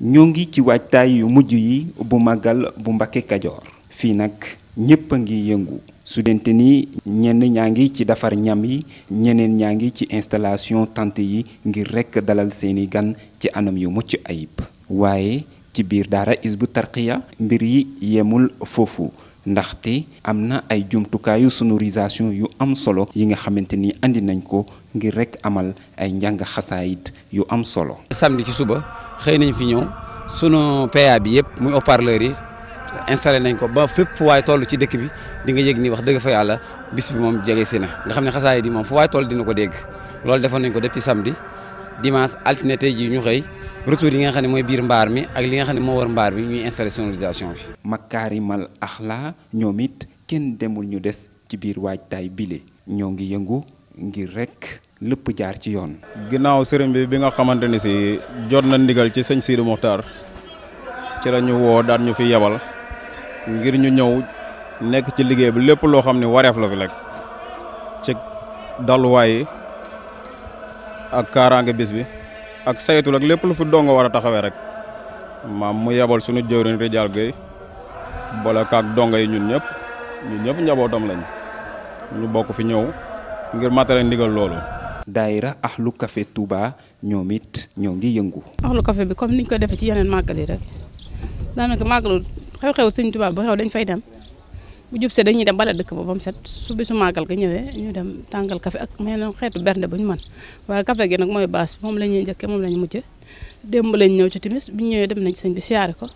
ñu ngi ci waajtaay yu mujj yi bu màggal bu Mbàkke Kajoor fii nag ñépp a ngi yëngu su dente ni ñenn ñaa ngi ci defar ñam yi ñeneen ñaa ngi ci installation tant yi ngir rekk dalal seeni gan ci anam yu mucc ayib waaye ci biir daara Hizbut ya mbir yi yemul foofu ndaxte am na ay jumtukaayu sonorisation yu am solo yi nga xamante ni indi nañ ko ngir rek amal ay njàng xasaayit yu am solo. samedi ci suba xëy nañ fi ñëw sunu PA bi yëpp muy haut yi installé nañ ko ba fépp fu waay toll ci dëkk bi di nga yëg ni wax dëgg fa yàlla bis bi moom jege si na nga xam ne xasaayit yi moom fu waay toll dina ko dégg loolu defoon nañ ko depuis samedi. dimanche altine tey jii ñu xëy retour yi nga xam ne mooy biir mbaar mi ak li nga xam ne moo war mbaar mi ñuy installé sonorisation bi. makaarimal axla ñoom it kenn demul ñu des ci biir waajtaay bile ñoo ngi yëngu ngir rek lépp jaar ci yoon. ginnaaw sëriñ bi bi nga xamante ni si jot na ndigal ci sëñ Sidi Mokhtar ci la ñu woo daan ñu fi yebal ngir ñu ñëw nekk ci liggéey bi lépp loo xam ne wareef la fi rek ci dalluwaay ak karange bis bi ak saytul ak lepp lu fu dongo wara taxawé rek maam mu yabol suñu jëwrin rijal Gueye bola kak dongay ñun ñëpp ñun ñëpp njabotam lañ ñu bokku fi ñëw ngir matalé ndigal lolu daira Ahlu Café Touba ñomit ñoo ngi yëngu Ahlu Café bi comme niñ ko def ci yenen magali rek da naka magalu xew-xew sëñ Touba bu xew dañ fay dem bu jub se dañuy dem bala dëkk ba bam mu set su bisu magal ga ñëwé ñu dem tangal café ak mëna xeetu bernde bu man wa café gi nak moy baas mom lañuy jëkke mom lañuy mujjë demb lañ ñëw ci timis bi ñëwé dem nañ sëñ bi siyaare ko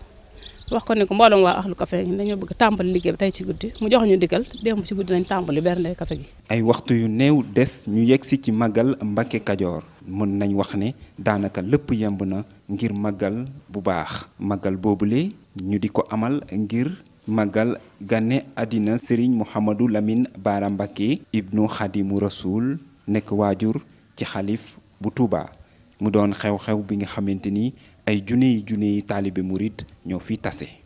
wax ko ne ko mbooloom wa axlu café ñu dañu bëgg tàmbali liggéey tay ci guddi mu jox ñu digal demb ci guddi nañ tambali bernde café gi ay waxtu yu neew des ñu yegg ci magal mbacké kadior mën nañ wax ne daanaka lepp yemb na ngir magal bu baax magal bobulé ñu diko ko amal ngir màggal gane àddina Serigne Mouhamadou Lamine Bara Mbacké ibnu Xadimu Rasul nekk waajur ci xalif bu Touba mu doon xew-xew bi nga xamante ni ay junne yi junne yi taalibe murit ñoo fi tase